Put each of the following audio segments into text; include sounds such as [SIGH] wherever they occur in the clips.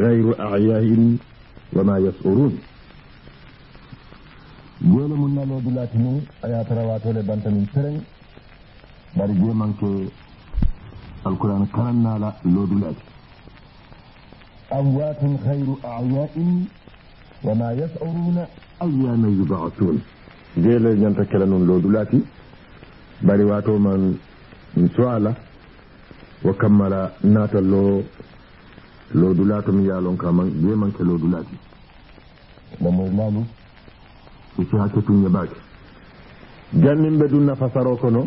غير أعياء وما يسؤرون جول من الله بلاتنا آيات رواته لبنتنا سرين بل جيمان القرآن كرنا لا لو بلات أموات خير أعياء وما يسؤرون أيام يبعثون جيل جنت كرنون لو بلاتي بل واتو من سؤال وكمل ناتلو mi yalon man ke lodulati momoy lalu sisi hakke tuñe baake jannin ɓe dunna fasaro kono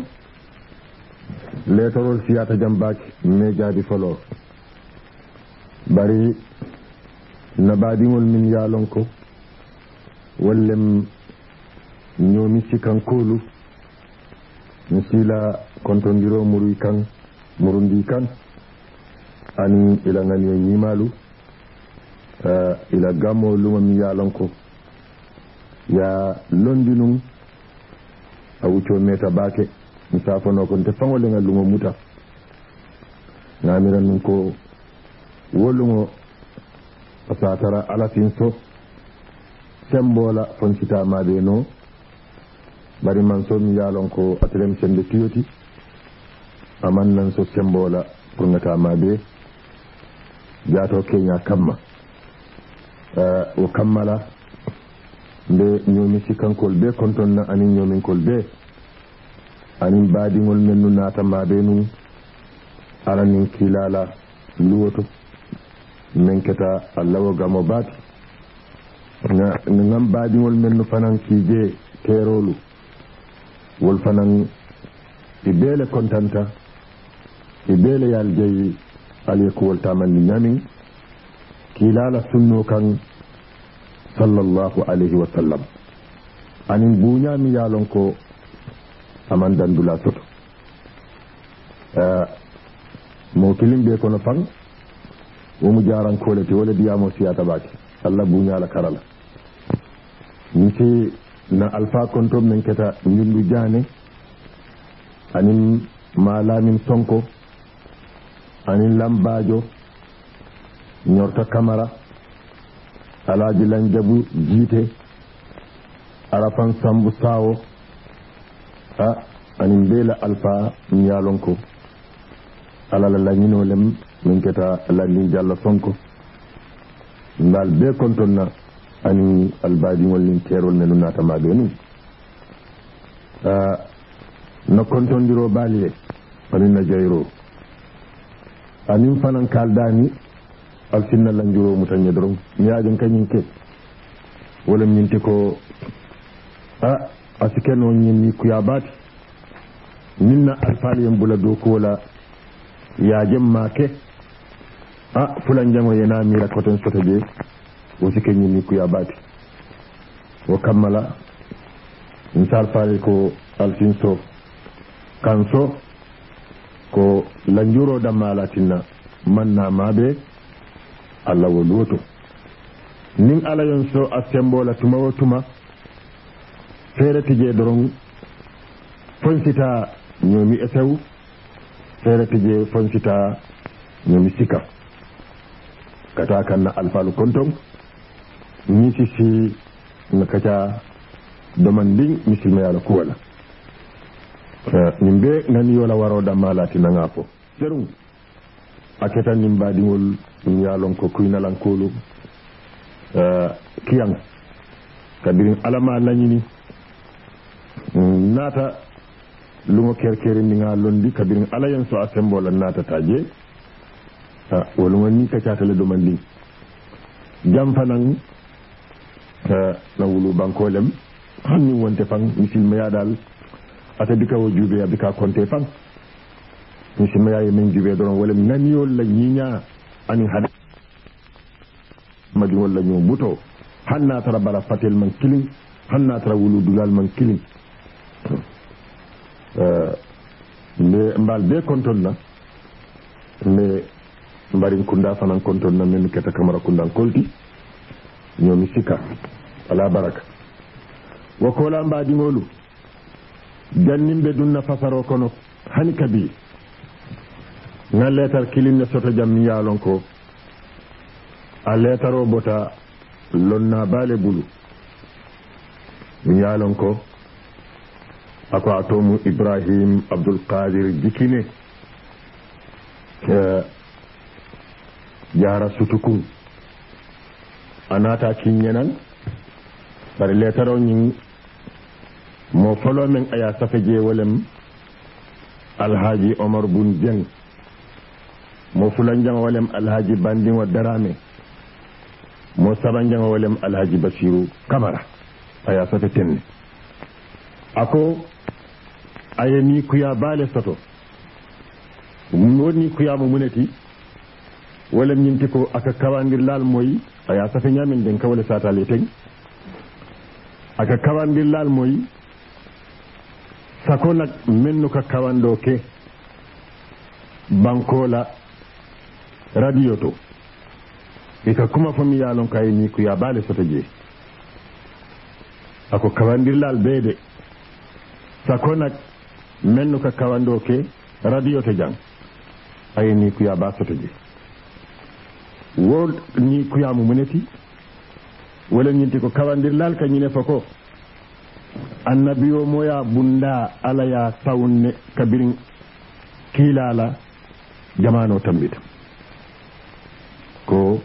letorol ta jam baki. me jaadi folo. bari na nabaɗiŋol min yalon ko wallem ñoomi kolu ni sila kontondiro muruy kan murundi kan ani ila gani yo e yimalu e, ila gammo luma mi yalonko ya londi num a wucco meta baake mi safano ko nte fawo legal lumo muta gamiran num ko wollugo a satara alatin so sembola foncita maɓe no ɓari man so mi yalon ko atrem sembe tuyoti amannan so sembola pour gata maɓe jaato keña kamma eh, o kammala nde ñoomin sikkankol ɓe kontonna anin ñoominkol ɓe anin baadiŋol men nu naatama ɓe nun aran nin kilala luwoto min keta allawo gamo baati na ngam baadiŋol men nu fanan kiije keerolu wol fanan i ɓeele kontanta i ɓeele yaljeyi ali kuwoltamandi ñami kiilala sunno kan Sallallahu alaihi wa sallam anin buñami yalon ko aman dandula toto eh, mo kilim ɓe kono fan womu jarankole te wole diyamo siyata ɓake allah buñala karala misi na alfa kontom men keta ñundu diane anin ma lamin ani lambajo ñorta kamara alaji lanjabu jabu jiite arafan sambu sawo a anin beela alpha ñalon ko alala lañino lem min keta landin diallo sonko mbal be konton na ani albaadiŋol nin keerol nata naatamaɓe ni no kontondiro baali e anin na jayro anin fanan kaldani alfinna lanjuro mutanya doron yaajin kañum ke wala ti ko a asiken on ñinni kuya baati minna alfaaliyen bula dow ya jin ma ke a fulan yana mi mira koten sota je wo sike ñinni kuya baati wa kammala misal faali ko alfin so kan so ko lanjuroɗammalatinna mannamaɓe allah wolu woto nin ala yon so assembola tuma wo tuma feretije e doron fonsita ñomi esew feretije fonsita ñomi sika kata kanna alfalu konton ñisisi na kaca domandin misilma yala kuwala nin be ngani yola waro damma lati nanga fo serum a ketan nin mbaɗiŋol min yalon ko kuynalankolu eh, kiyan kadirin alama nañini naata luŋo kerkeri ndiŋa londi kadirin alayen so a sembola naatata je ah, wo luŋo ni kacatale domandin jam fanan eh, na wulu bankolem hanni wonte maya dal ata atadika wo juube adika konte tan mi simmayaye min jube doron wala mi yo la ñiña ani hada madi wala ño buto hanna natara bara fatel man kilin hanna natara wulu dulal man kilin [CLEARS THROAT] eh, nde mbal be konton na nde mbarin kunda fanan konton na min keta kamara kundan kolti ñomi sikka ala baraka wa kola mbadiŋolu janninɓe ɗum nafasaro kono hani kabi na letar kilinne soto jam mi yalon ko a letaro bota lonna bale bulu mi yalon ko ako a tomu ibrahim abdoul kadir jikine e yara sutukum a nata kinñenan bare letaro ñin mo folo min aya safe jewolem alhaji omar bun dieng mo fulanjangowolem alhaji wa darame mo sabanjangowolem alhaji basiru kamara aya safe ne. ako ni kuya baale ni kuya kuyamo muneti wala ñinti ko aka kawandir lal moyi aya safe nyamin den kawale sata teng aka kawandir lal moyi sakola minnu ka kawan ɗo bankola radio to ika kuma fami yalon ka ye ni kuya baale soto jee ako kawandirlal beede sakona mennu ka kawando ke radio to jang aye ni kuya ba soto jee wo ni kuyamu muneti wala ñinti ko kawandirlal kañine fo ko annabiyo moya bunda ala ya tawne kabirin kilala jamano tambita ko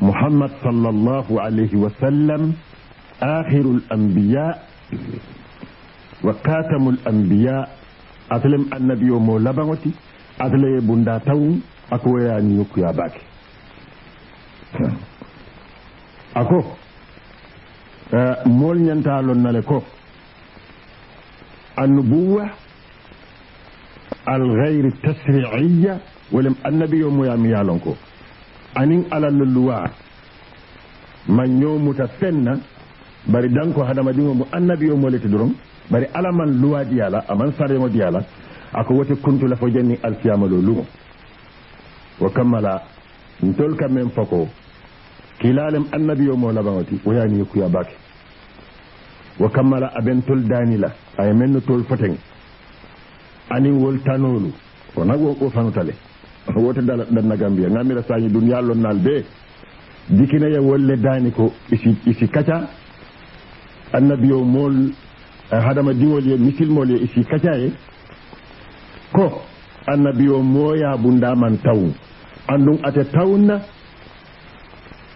muhammad sallallahu alaihi wasallam akhirul anbiya wa katamul anbiya atlem annabiyo mo labangoti atle bunda tawun ako ni yokkuya baki. ako Eh, Mol ñantalon nale ko annubuwa algayri tasriiya wolem annabi yo muyami yalon ko anin luwa man ñomuta fenna bari danko hadamadiŋo mu annabi molete doron bari ala man luwa diyala aman saremo diyala ako wote kuntula fo janni alkiyamalo lumo wo kammala ntol kam men kilalem annabi o mo laɓagoti woyani yekkuya baki wa kammala abin tol danila aye men no tol fatin anin wol tanolu na gon ko fanutale wote dala na gambiya gamira sañi dun yallonnal be ya wolle dani ko isi isi kaca annabi o mool hadama diŋol ye mol ye isi kaca ye ko annabi moya bunda man taw andun ate tawna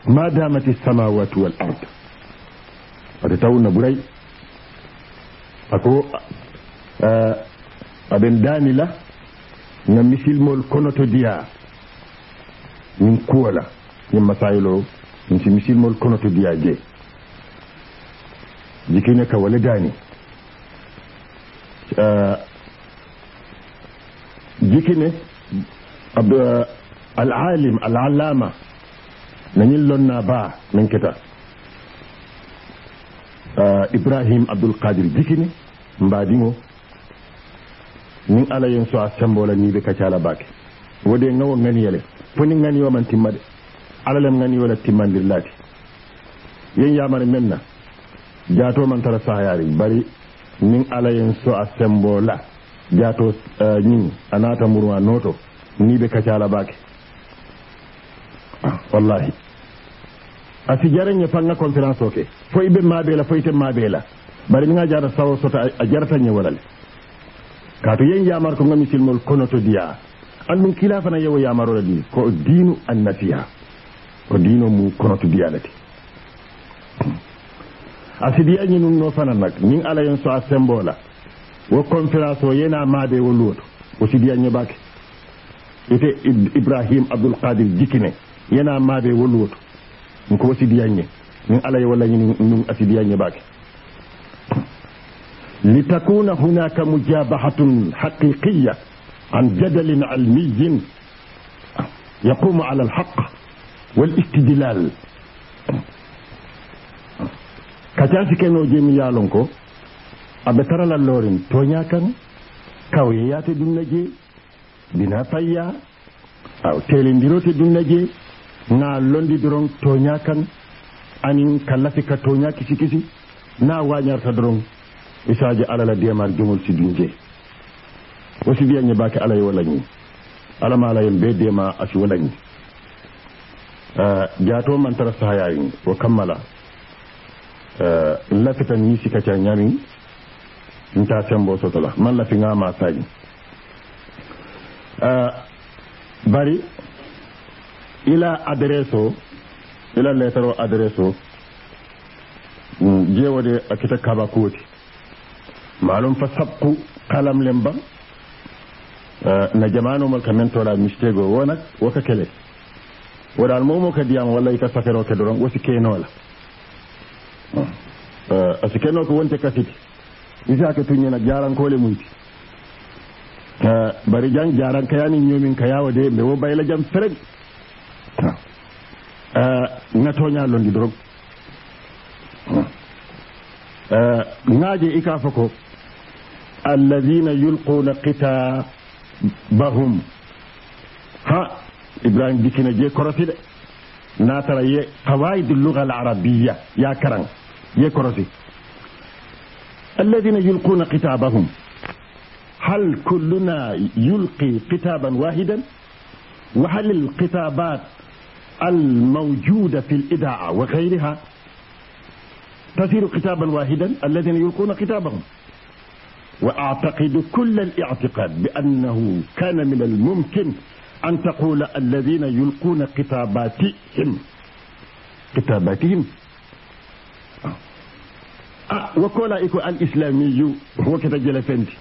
ما دامت السماوات والأرض هذا أتتون بري أكو آه، أبن داني له نمثل مول كونوت ديا من كولا يما سايلو نمثل مول كونوت ديا جي جيكي نكا ولداني أه جيكي أب آه، العالم العلامه nañin lonna baa nañ keta euh, ibrahim abdoul kadir jikini mbaadiŋo niŋ alla yen so a sembola niibe kacala baake wo de ŋawo ŋaniya le fo niŋ ŋaniyo man timma de alla lem ŋaniyo la timmandirlaati yen yamari men na jaato man tara sahayaari bari niŋ alla yen so a sembola jaato euh, ñiŋ a naata muruma nooto niibe kacala baake wallahi a fi ya fanga conférence oke foy ɓe maɓeela foyten maɓeela bari ni nga jara sawo sota a jaratañe walale ka to yen ya mar ko ngami gami silmol kono to diya andum kila fana yewo yamarole di ko diinu annafiya ko diino mu kono to lati a fi sidiyañi num no fana nak ñin ala yen so a sembola wo conference o yena maɓe wo luwoto o sidiyañe bak ite ibrahim abdul qadir jikine yana maɓe yi min ko wasidiyañe min alaye wallañi ɗum asidiyañe baake li takuna hunaka mujabahatun haqiqiya an jadalin wal istidilal ka alhaq si kai n'oje mu yalon ko aɓe taralal lorin toña kan Kawai kawyeyate ɗum naje bina payya aw telediroti ɗum naje na londi doron tonya kan anin kallafi ka tonya kisi kisi na ta doron isaji alala diyamar jomol sidin je wosi wiyañe bake alaye walañi alamalayen be dema asi walañi ah, jato man tara sahayayin wa kammala ah, lafitan ni sikata ñamin nta sembo sotola man lafi ngama saji ah, bari ila adreso ila letaro adreso mm, je wode a kita malum fa sabku kalam lemba eh, Na jamanu mal kamen toɗa mistake o wona waka kele woɗal momo ka diam wala ika safero ke doron wosi kenola eh, eh, a no ko wonte kasiti isake tuñena jarankole muyti bari jang jaran kayani ñomin kayawo de mbe wo bayla jam fere. na toñalondi drog naaje i kaa fo ko alladina yulquna qita bahum ha ibrahim dikina je korosi de natara ye qawaid lugha alarabiya ya karan ye korosi alladina yulquna qitabahum هل كلنا يلقي كتابا واحدا وهل الكتابات الموجودة في الإذاعة وغيرها تسير كتابا واحدا الذين يلقون كتابهم وأعتقد كل الاعتقاد بأنه كان من الممكن أن تقول الذين يلقون كتاباتهم كتاباتهم آه. آه، وكولا إيكو الإسلامي هو كتا جلفنتي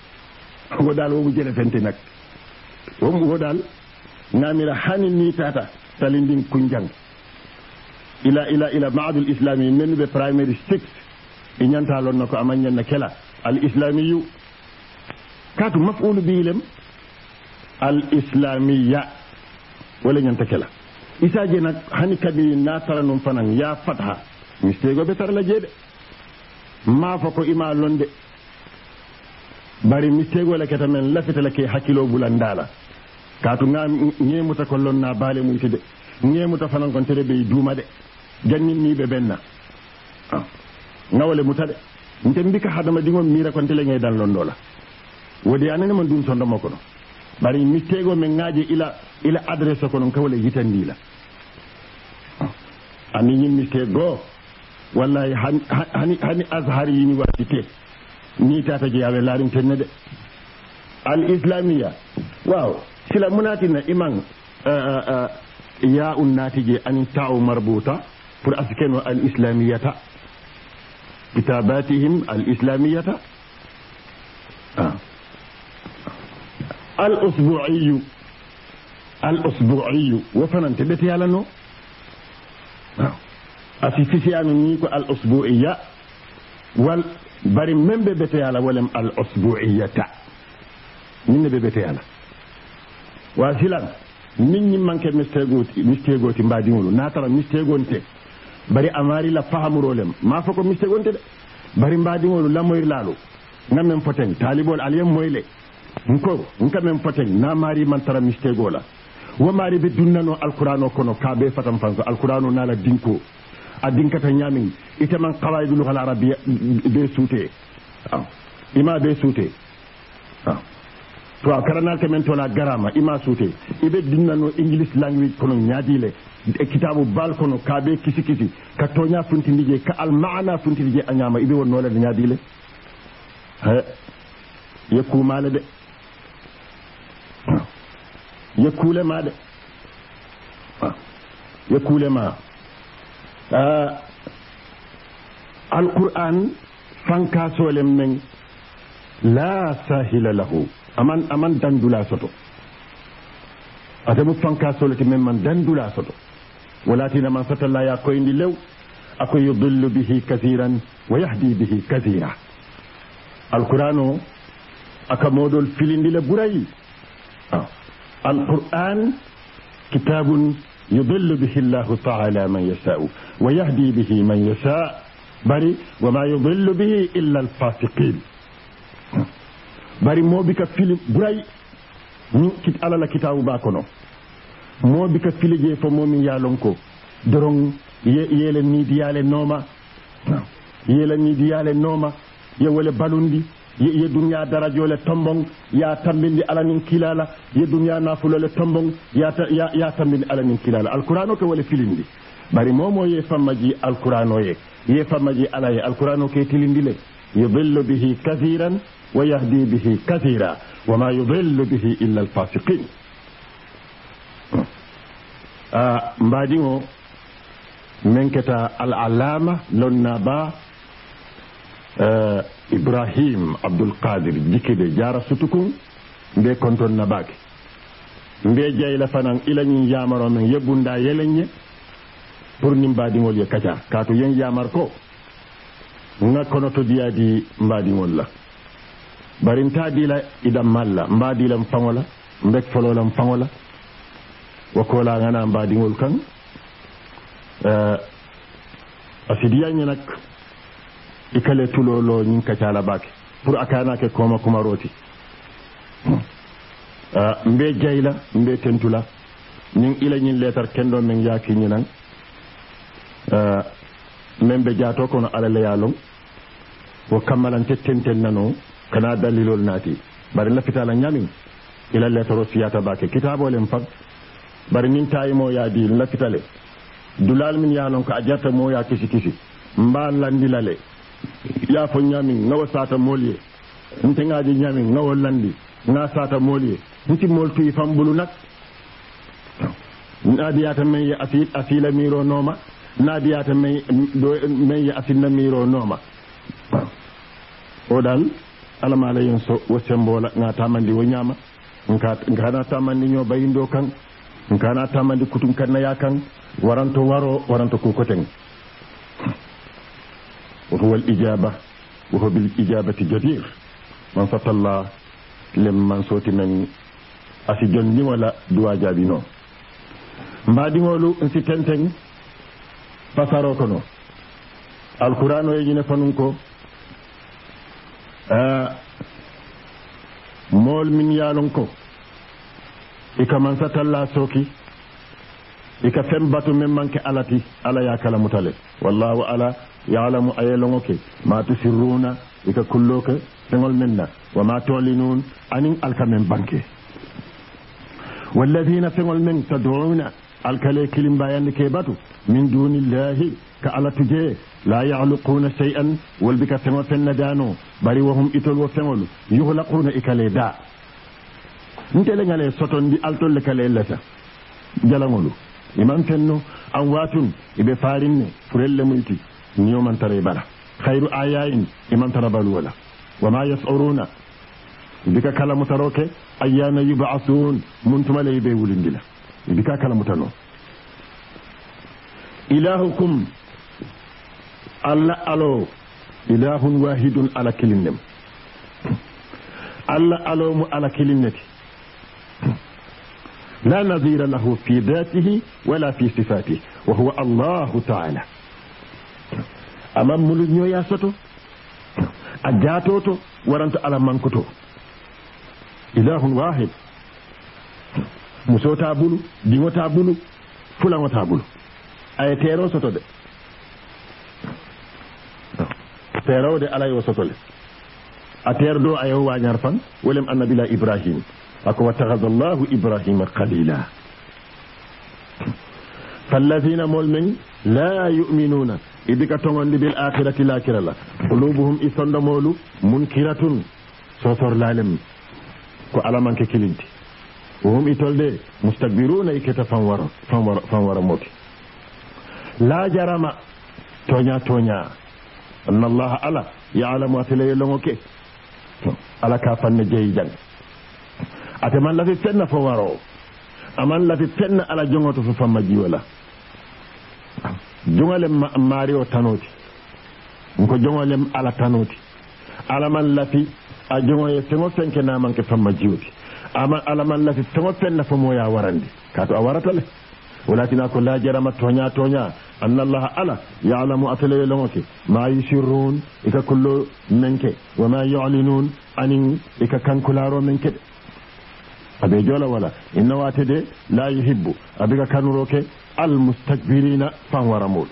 هو دال هو جلفنتي نك هو دال نامرا حاني نيتاتا salindin kunjang ila ila ila maadul islami men ɓe primary six e lon na ko amañanna kela al islamiyu kaatu mafulu biilem al islamiya wala ñanta kela isaji nak hani kadi natara num fanan ya fatha mistego ɓe tarla jeeɗe ma ko ima londe bari mistego lake tamen la ke hakilo bulandala kaatu nga ñeemuta lon na baale mum tide ñeemuta fanankontere ɓe duuma de janninniɓe benna ah. ngawole muta de nten mbika hadama miira mira la ngay dan londola wodi ne man ɗum sondomo kono bari mittego me ngaaje ila ila adresse kono kawle la ani ah. ñin mi goo wallahi hani hani wati te ni tata jeyawe laarin tenne de al islamiya waaw sila munati na imang ya unati je an ta'u marbuta pour askeno al islamiyata kitabatihim al islamiyata al usbu'iyyu al usbu'iyyu wo fanante ɓe tiyalano asi fisiyano ni ko al usbu'iyya wal bari membe ɓe ɓe walem al usbu'iyata min ne ɓe wa hilan min ñi manqué manque mistegoti mistegoti mbadiŋolu natara mistegonte bari amari la fahamurolem ma fo ko mistegonte de bari mbadiŋolu lamoyirlalu nga men foteŋ talibol moy moyle nko nka men foteŋ na mari man tara mistego la wo mari be dunnano alkurano kono ka be fatan fanso alkurano la dinko a dinkata ñamin ite man kawaydulu hal be suute ima be suute waaw to karana temen tola garama ima suute iɓe dinnano english language kono ñaadile e kitabu bal kono ka ɓe kisi kisi ka toña funtidi je ka almana funtidi je a ñama iɓe wonnolede ñaadile he yekkumale de yekkule ma de yekkule ma alqur'an fankasolem men la sahila lahu aman aman dandula soto atemu tonka soloti men man dandula soto walati na man fatalla ya ko indi lew ako yudullu bihi kathiran wa yahdi bihi kathira alquran o aka moɗol filindile ɓurayi alquran kitabun yudillu bihi llahu taala man yashau wa yahdi bihi man yasha bari wama yudillu bihi illa alfasiqin bari mobika fili ɓuray ni kit alala kitabu ba kono mobika fili je fo momin yalon ko doron yele nidiyale nooma di nidiyale nooma ye wole balundi ye duniya darajole tombon ya tambindi ala alanin kilala ye duniya nafulole tombon ya tambindi ala alanin kilala alqur'ano ke wole filindi bari momo ye fammaji alqur'ano ye ye fammaji ala ye alqur'ano ke tilindi le yudillu bihi kathiran ويهدي به كثيرا وما يضل به إلا الفاسقين بعدين من al alama. با إبراهيم عبد القادر جكده جار ستكون دي كنتون نباكي mbe jeyla fanan ilani yamaro men yebunda yelenye pour ni mbadi ngol ye kacha kato yamar ko ngakono to diadi mbadi ngol la bari nta dila idan malla mba dila mfangola mbek folola mfangola wakola ngana mba dingol kan uh, eh, asidiya ñi le tulo tulolo ñin ka cala bake pour akana ke koma kuma roti uh, eh, mbe jayla mbe tentula ñin ila ñin letar kendo men yaki ñi nan eh, be jato kono ala le wa wo kammalante tenten nano kanaaddan lilolnaati bari lafitala ñamin ila letoro siyata bake kitabolen fag bari nin tayimo yaadi lafitale dulal min ya non ko a jarta mo ya kisi kisi mba landilale ya fo ñamin ngawa sata molie nteŋaji ñamin ngawa landi nga sata molie nti mol tuyi fambulu nak naadiyata men ye afi asila miro nooma naadiyata men men ye afinna miro nooma o dal alama ala yin so wo sembo la nga tamandi wa nyama nga na tamandi nyo bayindo kan nga na tamandi kutun kan ya kan waranto waro waranto ko koten wa huwa al ijaba wa huwa bil ijabati jadir man fatalla lem man soti men asi jonni wala duwa jabi no mbadi ngolu nsi tenteng pasaro kono alqur'ano yejine fanun ko Ah, mool min yaalon ko ika ka mansa talla sooki i ka batu min manke alati ala ya kala mutale wallahu ala yalamu aye longo ke ma tusirruna ika ka kullo ke wa ma tolinun anin alka men banke walladina feŋol men taduna alkale kilimbayandi ke batu min dunillahi ka ala tujee la yahluquuna chey an wolbika femo fenna dano bari wo hum itol wo femolu yuhlaquuna e kale da ntelengale sotondi altolle kale leta jalangolu iman fenno an watun farin eɓe farinne furelle muyti niyomantara e bara hayru ayayin tara balu wala wama yasuruna Bika kala mutaroke ayyana yubasun muntumale ɓe wulindila ibika kala mutano ilahukum Allah alo ilahun wahidun ala kilinnem Allah alo mu ala kilinnati la nazira lahu fi dhatihi wala fi sifati wa huwa Allah ta'ala amam mulu nyoya soto ajatoto waranto ala mankoto ilahun wahid musota bulu bulu bulu ay tero soto de e da alay o sotole a terdo a yaw wañar fan welem annabila ibrahima ako wattahada ibrahim ibrahima qalila falladina mol men la yuminuna idika togondi bil akhirati lakira la qulubuhum i sondomolu munkiratun sotor lalem ko alamanke kilindi wohum i tolde mustakbiruna i keta fan waro fan wara moti la jarama toña anna allaha ala ya'lamu atele longo ke ala ka fanne jeyi jang ate man lafi tenna fo waro aman lati tenna ala jongoto fo famma jiwala jongolem maari o tanoti ko jongolem ala tanoti ala man lafi. a jongoye tengo na namanke famma jiwoti ama ala man lafi lati tengo penna fo moya K'a to a warata le walatina ko la jarama tonya. toña an ala ya alamu a filaye lamoke ma yi shirun ika kullo menke wa ma yi alinun anin ika kan menke abe jola wala inna de la yi hibbu abiga kan roke al mustakbiri na fanwara mol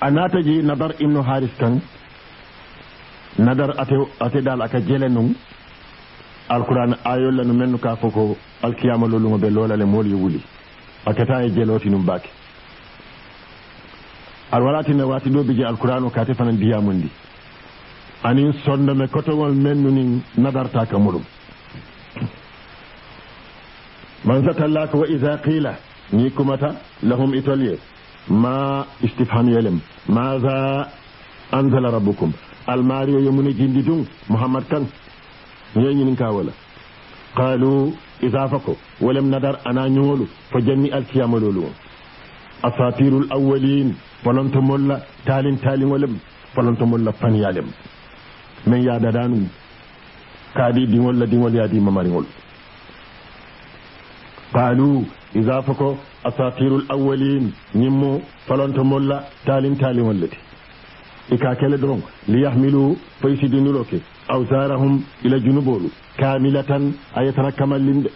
a nata ji nadar inu haris kan nadar ate dal aka jele nun al kuran ayo lanu menu kafoko al kiyama lolu mabe lola le mol wuli akata e jeloti num bake aɗa walatine wati ɗo biji alqouran o kate fana mbiyamun ndi anin sondome kotogol men nunin nadartaka muɗum man satallaka wa ida qila ni kumata lahum itolye ma istifham yelem maha anzala rabbukum almari o jindi dun mouhammad kan yeñinin ka wala قالوا إذا فكوا ولم ندر أنا نولو فجميع الكيام لولو أساطير الأولين فلن تمولا تالين تالين ولم فلن تمولا فنيالم من يادا كادي دي ولا دي ولا دي مماري ولا قالوا إذا فكوا أساطير الأولين نمو فلن تمولا تالين تالين ولتي إكاكل درون ليحملوا فيسدين لوكي awsarahum ila junuboolu kamilatan ayatana kamal limde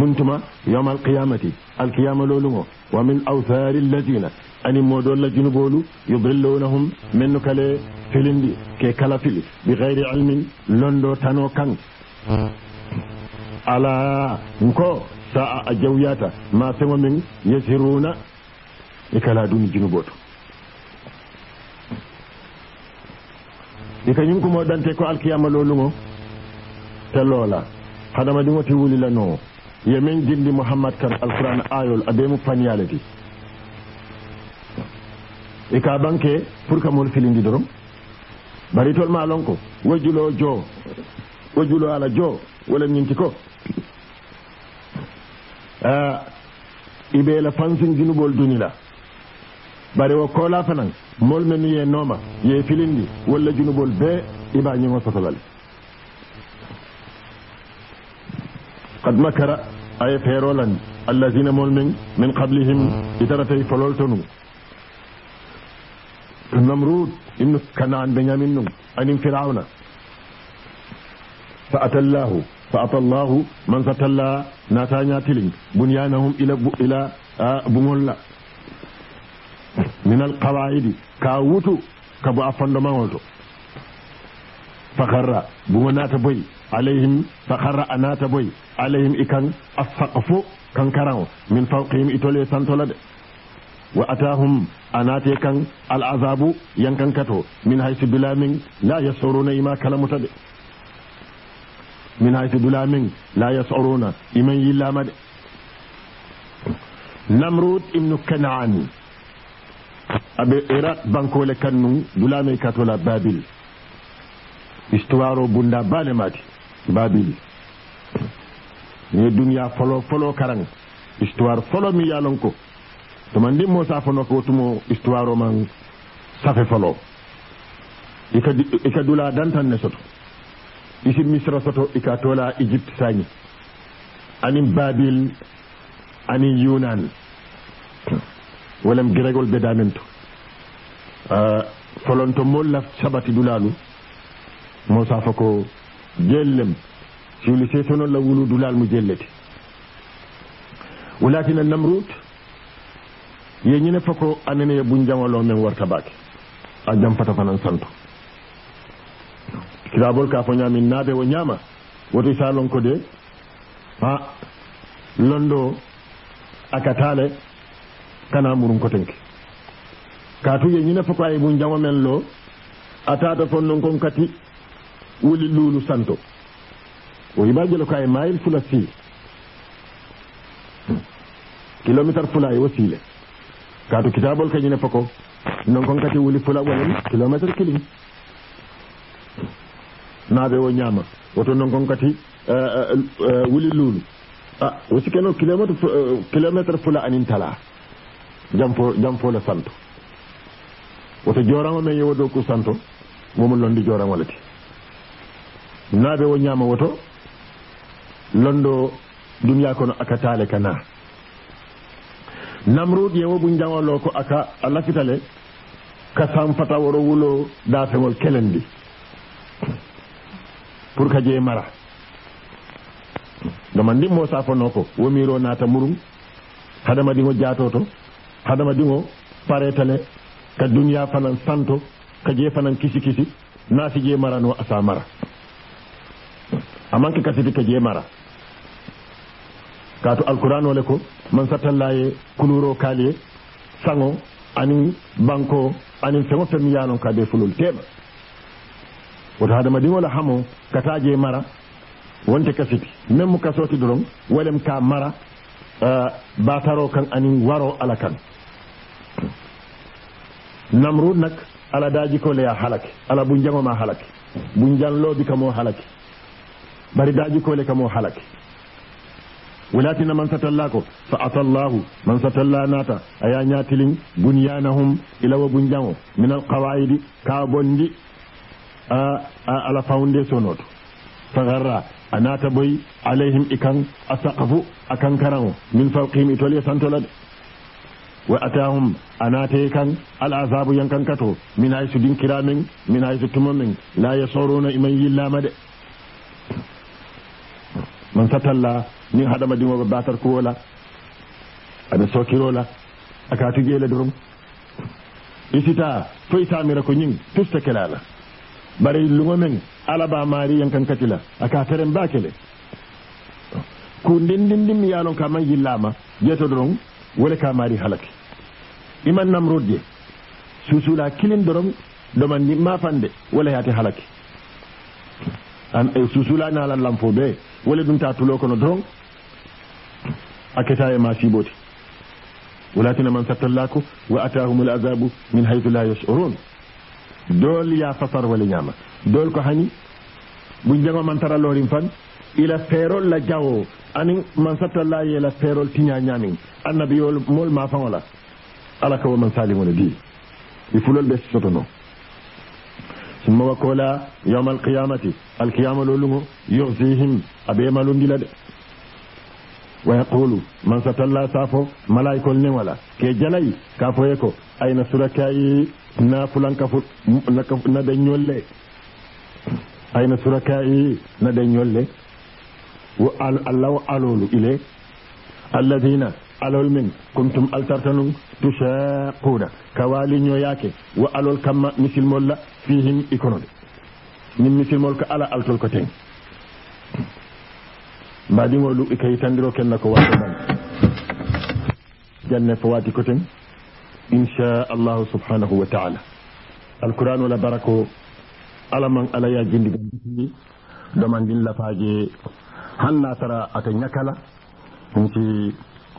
muntuma yawma alqiyamati alqiyama loolu ngo wa min awsari alladina ani moɗon la junuboolu yudillunahum mennu kale filindi ke kala fili bi gayri londo tano kan ala nko saa a jawyata ma feŋo min yesiruna e kala duni junuboto i ka ñing kumo dante ko alkiyama lolugo te loola hadamadiŋo ti wulila noo ye meŋ jindi muhammad kan alquran ayol abemu faniyale ti Ika banke pour ka moolu filindi dorom bari tol ma lon ko wajulo joo wo ala joo wala ñinti ko ah, Ibe be la fansin junubol duni la bari wo kola fanan mol men ye noma ye filindi wala junubol be iba ni mo sotalal qad makara ay ferolan allazina mol men min qablihim itarafay fololtonu namrud ibn kanan benyamin num anin fir'auna fa atallahu fa atallahu man satalla natanya tiling bunyanahum ila ila ah, bumolla minal qawaidi ka wutu ka bu a fondement oto fakarra buma nata boyi alayhim fakarra a nata boyi alayhim ikan asaqfo kan karan min fawqihim itole santola de wa atahum anate kan al'azabu yankan kato min haythu dulamin la yasuruna ima kalamuta de min haythu dulamin la yasuruna iman yillama de namrud ibn kan'an Abe iraq bankole kannum dulame katola babil histoire o bunda bane mati babil ni duniya folo folo karan histoire folo mi yalon ko tuma ndin mo safono ko wotumo histoire man safe folo ika, ika dula dantan ne soto isi misra soto ika tola egypte sañi anin babil anin yunan wolem giregol bedamen to folonto mol laf sabati dulalu mo safa ko jellem suli setono la wulu dulal mu jellete walakin namrut ye ñene fako anene bu njamalo men warta bake a jam fata fanan santo kitabol ka fo ñamin naabe wo ñama woto salon ko de ha londo akatale kana murun kotenke katuye ñine fotayi mum jama men lo a tata fon non kon kati wuli lulu santo o yiɓa jelo kay mail fula fi kilometer fula e wo ka tu kitabol kay kañine fako non kon kati wuli fula ɓonen kilométre kilin naaɓe o ñaama woto non kon kati eh, eh, eh, wuli lulu ah wo sikkeno kilometer kilometer fula anin tala jam fo la santo woto jorango men yewo dow ku santo momon londi jorango lati naaɓe wo nyama woto londo duniya kono aka taale ka na namrud yewo bu jangolo ko aka alafitale lafitale ka sanfata woro wulo daafeŋol kelendi pour ka jee mara domandi mo safono ko womiro nata murum hadamadiŋo jaato jatoto. hadama ɗiŋo ka duniya fanan santo ka je fanan kisi kisi na fi je marano asa mara amanke kasiti ka je mara kaatu alqur'ano le ko man sattallaye kuluro kaaliye sango ani banko ani feŋo fe mi yanon ka be fulul tema woto hadamadiŋo la hamo ta je mara wonte kasiti memu mu soti durum walem ka mara uh, bataro kan anin waro ala kan namrud nak ala daji ko leya halake ala bu jangoma halake bu janloɓi kamo halake bari daji kole kamo halake walatina man satalla ko fa ata llahu man satalla nata aya ñatilin bunyanahum ilawo bu jango min alqawaidi ka bondi ala foundation oto fa garra a nata boyi alayhim ikan a sakafu a kankarango min fawqihim itole santolade wa atahum yi kan al'azabu yankan kato min su din kiramin min haisu tumamin la na iman yilla mad man satalla ni hadama madin wa da sauki rola a akatu gela durum isita fo itamira ko nyin tusta kelala bare lugomen alaba mari yankan katila a katarin bakile ko ndindindim miyalon ka yi yillama jeto durum wale kamari halaki iman namrodje susula kilin dorom domandi mafande wala yaate halake an e susula nalan lamfo ɓe wala ɗum ta tulo kono doron a keta e ma siboti walatina man sattallako wa atahum l azabu min haytu la yashurun dool ya fasar wala ñama dool ko hani bu jango man taralorin fan ila feerol la jawo anin man sattalla yela feerol tiña ñamin annabi yol mol ma faŋola ala ka salimu salimuna di i fulol ɓe sotono summa wa kola yawma alqiyamati alqiyama lolugo yursihim aɓe malundila de wa yaqulu man satalla safo malaikol newala ke jalai ka foye ko ayna surakayi na fulankafu na dañolle ayna surakayi na dañolle allah wa alolu ile alladina alol min kuntum altartanum tushaquna kawaliño yaake wa alol kamma misilmol la fihim ikonode min misilmol ko ala altol ko ten mo lu tandiro kenna ko wato ban janne fo wati ko ten allahu subhanahu wa taala alquran wala barako Ala ala man ya do man din la faje hanna tara ata nyakala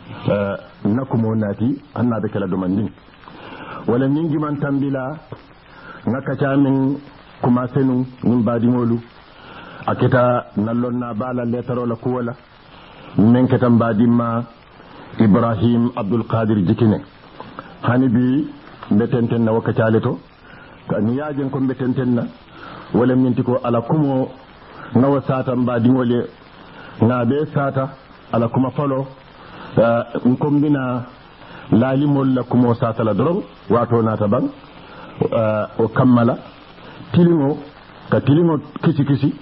Eh, nakumo naati da kala domandin wala min giman tambila min kuma senu min mbaadimolu a keta nallonna taro la kuwala min keta ma ibrahim Abdul qadir jikine hani bi tenten na wakkacale to ni yaajen ko tenten na wala minti ko ala kumo ngawa sata mbaadiŋole na be sata ala kuma falo. nkombina lalimol la kumo satala doron wato nata ban eh, o kammala tilimo ka tilimo kisi kisi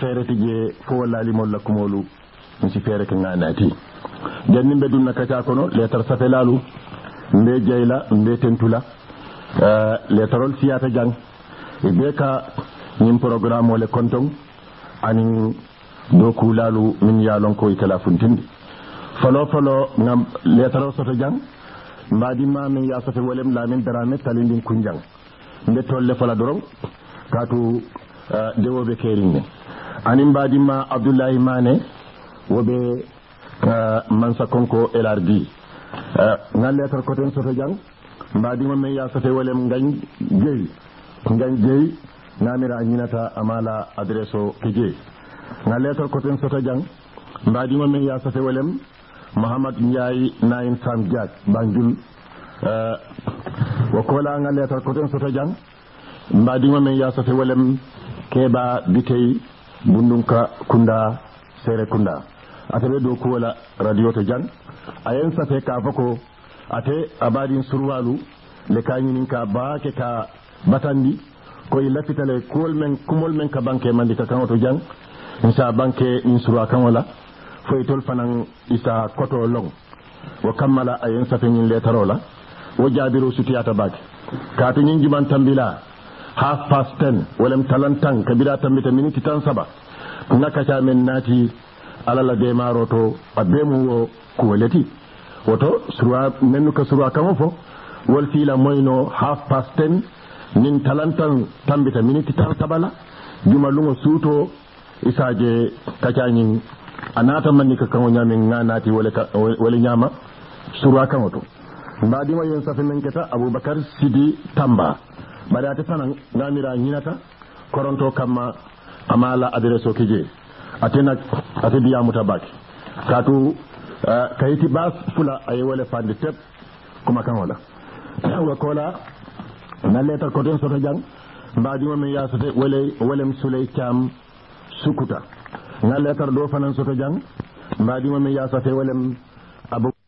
ti je fo lalimol la lu ci fere ke ŋa den janni dun naka kaca kono letar lalu mbe jeyla mbe tentula eh, letarol siyata jang be ka nim programme le kontong anin doku lalu min yalon ko itala funtindi فلو فلو نم ما دي folo folo ngam letaro soto jang mbadimma min yasote wolem lamin darame talindin kunjang nde tolle fala doron katu dewoɓe kerinne anin mbadimma abdoullahi mane woɓe mansa konko elardi ngan letar koten soto jang mbadima min yasote wolem gañ jeeyi gañ jeeyi namira ñinata amala adresse o نال jeeyi كوتين letar koten soto jang mbadima min yasote wolem Mohamed yayi nayin Sam Diak Banjul euh, wo kolagal letar koten soto jang mbadima men yasote wolem keɓa bitey bundunka kunda sere kunda ataɓe dow kuwola radio to jang ayen safe ka fo ate abadin surwalu le kañinin ka baake ka batandi koye lappitale kuwol men kumol men ka banque mandi ka kaŋo to jang min sa banque min surwa foytol fanan isa koto long wa kammala ayen safeñin letaro la wo jaabiro sutiyata baake yin jiman tambila half past ten wolem talantan tan kabira tambita miniti tan saba kunga kaca min nati alala de maroto a bemu wo kuwoleti wato surwa mennu ka surwa kamo fo wal fila moyno half past ten nin talantan tambita miniti tan saba la jumalungo suuto isaje kacañin anata manni ka na nati ga naati wole ñama surwa kaŋo to mbadima yin safe men keta Abubakar sidi tamba bari ta sanan namira ñinata koronto kama amala a ta kije atena ate ka tu katu kayiti ba fula aye wole fande tep kuma kan wala wa kola na letar koten soto jang mbadima men yasote wole wolem suley cam sukuta nga letar do fanan soto jang mbaadi sa te walem abo